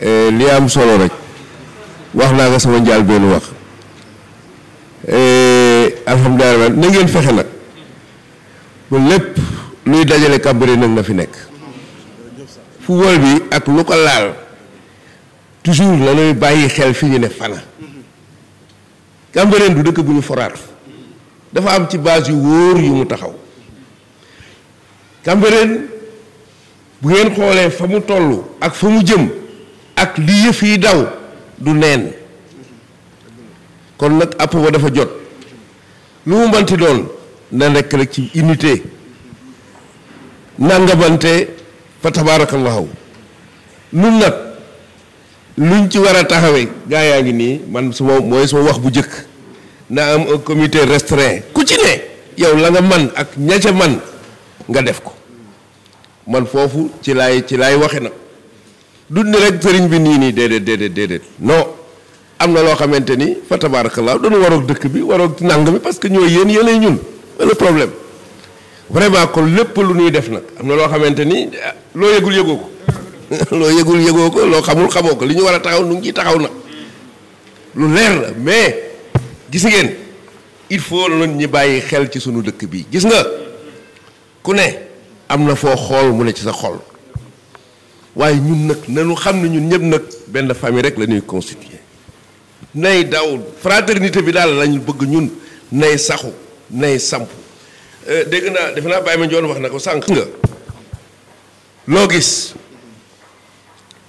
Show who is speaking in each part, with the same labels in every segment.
Speaker 1: Eh, li am solo rek wax naa nga sama njaal benn wax alhamdulilah na ngeen fexe nag ba lépp luy dajale Cambérène nag na fi nekk football bi ak lu ko laal toujours la ñuy bàyyi xel fi ñu ne fana Cambérène du dëkk bu ñu foraat dafa am ci baas yu wóor yu mu taxaw Cambérène bu ngeen xoolee fa mu toll ak fa mu jëm ak li yëf yi daw du neen kon nag app ba dafa jot lu mu manti doon na nekk rek ci unité nangamante fa tabaarakallaahu nun nag luñ ci war a taxawee gaa yaa ngi nii man suma mooy suma wax bu jëkk na am un comité ku ci ne yow la nga man ak ña ca man nga def ko man foofu ci lay ci laay waxe nag dund rek sëriñ bi nii nii déedéet déedéet déedéet am na loo xamante ni fa tabaarakallaa dañu waroog dëkk bi waroog nàng mi parce que ñooy yéen yéenay ñun le problème vraiment kon lépp lu nuy def nag am na loo xamante ni ah, loo yëgul yëgoo ko loo yëgul yëgoo ko loo xamul xamoo ko li ñu war a taxaw nu ngi ciy taxaw na lu leer la mais gis ngeen il faut loon ñi bàyyi xel ci suñu dëkk bii gis nga ku ne am na foo xool mu ne ci sa xool waaye ñun na lu xam ne ñun ñëpp nag benn famille rek la ñuy constituer nay daw fraternité bi daal lañu bëgg ñun nay saxu nay samp euh, dégg naa defe naa Baye Mandione wax na ko sànq nga loo gis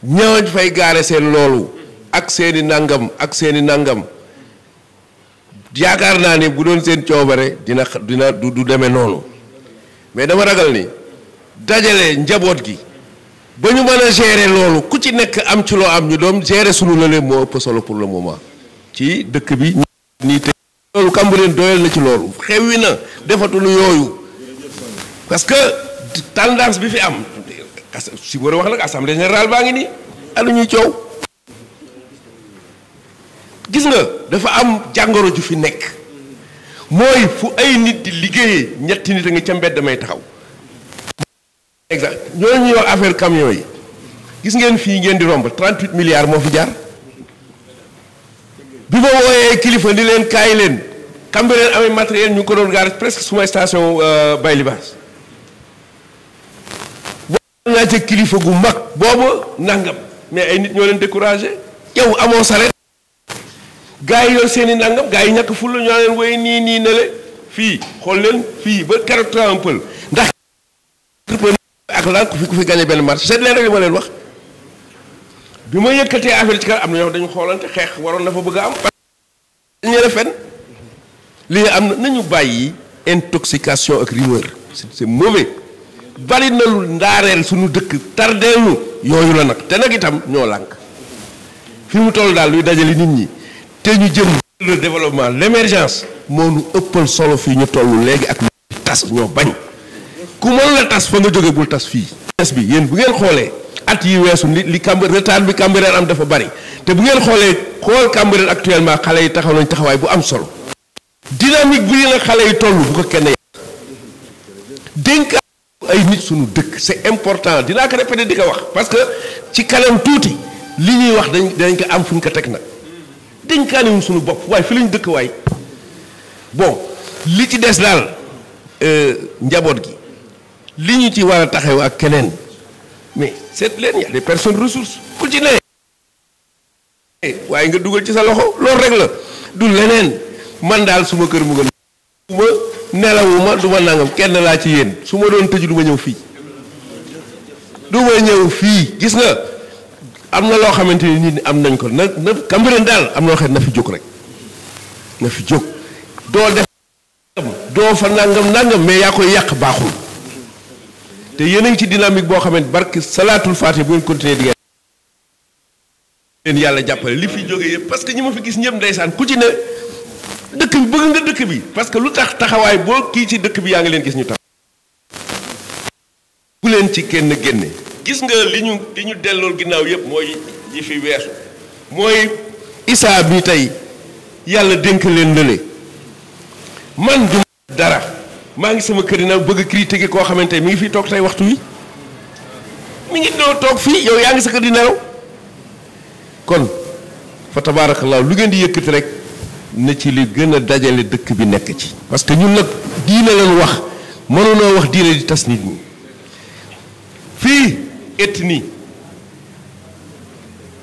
Speaker 1: ñooñ fay gaare seen loolu ak seeni nangam ak seeni nangam yaakaar naa ni bu doon seen coobare dina dina du demee noonu mais dama ragal ni dajale njaboot gi ba ñu mën a gérer loolu ku ci nekk am ci loo am ñu doom gérer sunu lële moo ëpp solo pour le moment ci dëkk bi nii te loolu Cambérène doyal na ci loolu xewwi na defatul yooyu parce que tendance bi fi am si war a wax nag assemblée générale baa ngi nii alu ñuy coow gis nga dafa am jàngoro ju fi nekk mooy fu ay nit di liggéeyee ñetti nit a ngi ca mbedd damay taxaw exact ñooñu ñuy wax affaire camion yi gis ngeen fii ngeen di romb 38 milliards moo fi jaar bi ma wooyee kilifa di leen kaay leen kambe leen amee matériel ñu ngi ko doon gaare presque suma station bay libaas boo naa ca kilifa gu mag boobu nangam mais ay nit ñoo leen découragé yow amoon saret gars yi seeni seen i nangam gars yi ñàkk ful la ñu leen woye nii nii ne fii xool leen fii ba keroog un ak lan ku fi ku fi gagné benn match seet leen rek li ma leen wax bi ma yëkkatee affaire ci kan am na ñoo dañu xoolante xeex waroon na fa bëgg a am. dañu ne fen lii am na nañu bàyyi intoxication ak rumeur c'est mauvais bari na lu ndaareel suñu dëkk tardeel ñu yooyu la nag te nag itam ñoo lànk fi mu toll daal luy dajale nit ñi te ñu jëm le développement l'émergence moo nu ëppal solo fii ñu toll léegi ak tas ñoo bañ ku mën la tas fa nga jóge bul tas fii. tas bi yéen bu ngeen xoolee at yi weesu li li camb retard bi Cambérène am dafa bari te bu ngeen xoolee xool Cambérène actuellement xale yi taxaw nañ taxawaay bu am solo. dynamique bi nag xale yi toll bu ko kenn yàq dénk ay nit suñu dëkk c'est important dinaa ko répété di ko wax parce que ci kanam tuuti li ñuy wax dañ dañ ko am fu ñu ko teg nag dénkaaniwuñ suñu bopp waaye fi lañu dëkk waay bon li ci des daal euh, njaboot gi li ñu ci war a taxaw ak keneen mais seet leen y a des personnes ressources ku ci ne waaye nga dugal ci sa loxo loolu rek la du leneen man daal suma kër mu gën ma nelawuma du ma nangam kenn laa ci yéen su ma doon tëj du ma ñëw fii du ñëw fii gis nga am na loo xamante ni nit am nañ ko na na Cambérène daal am na loo na fi jóg rek na fi jóg doo def doo fa nangam nangam mais yaa koy yàq baaxul te yéen a ci dynamique boo xamante barki salaatul faate bu ngeen continuer di ngeen yàlla jàppale li fi jógee yëpp parce que ñi ma fi gis ñëpp ndeysaan ku ci ne dëkk bi bëgg nga dëkk bi parce que lu tax taxawaay boo kii ci dëkk bi yaa ngi leen gis ñu tax bu leen ci kenn génne gis nga li ñu li ñu dellool ginnaaw yëpp mooy yi fi weex mooy isaa bi tey yàlla dénk leen lële man du dara maa ngi sama kër yi nag bëgg critiquer koo xamante mu ngi fi toog tey waxtu wi mi ngi doo toog fii yow yaa ngi sa kër di nelaw kon fa tabaarakallaa lu ngeen di yëkkati rek na ci li gën a dajale dëkk bi nekk ci parce que ñun nag diine leen wax mënunoo wax diine di tas nit ñi fii ethnie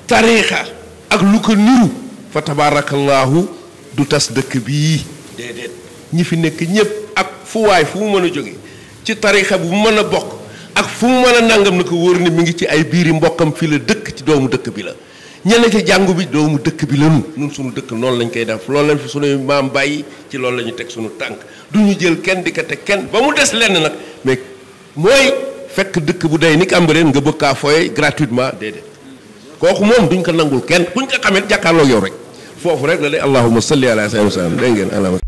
Speaker 1: tariixa ak lu ko niru fa tabaarakallaahu du tas dëkk bii déedéet ñi fi nekk ñépp fu waay fu mu mën a jóge ci tarixa bu mën a bokk ak fu mu mën a nangam na ko wóor ne mu ngi ci ay biiri mbokkam fi la dëkk ci doomu dëkk bi la ñenn ci jàngu bi doomu dëkk bi la nun nun suñu dëkk noonu lañ koy def loolu lañ fi suñuy maam bàyyi ci loolu la ñu teg suñu tànk du ñu jël kenn di ko teg kenn ba mu des lenn nag mais mooy fekk dëkk bu day ni Cambérène nga bëgg kaa fooye gratuitement déedéet kooku moom duñ ko nangul kenn kuñ ko xamee jàkkaarloo yow rek foofu rek la day allahuma salli ala sayyidina dégg ngeen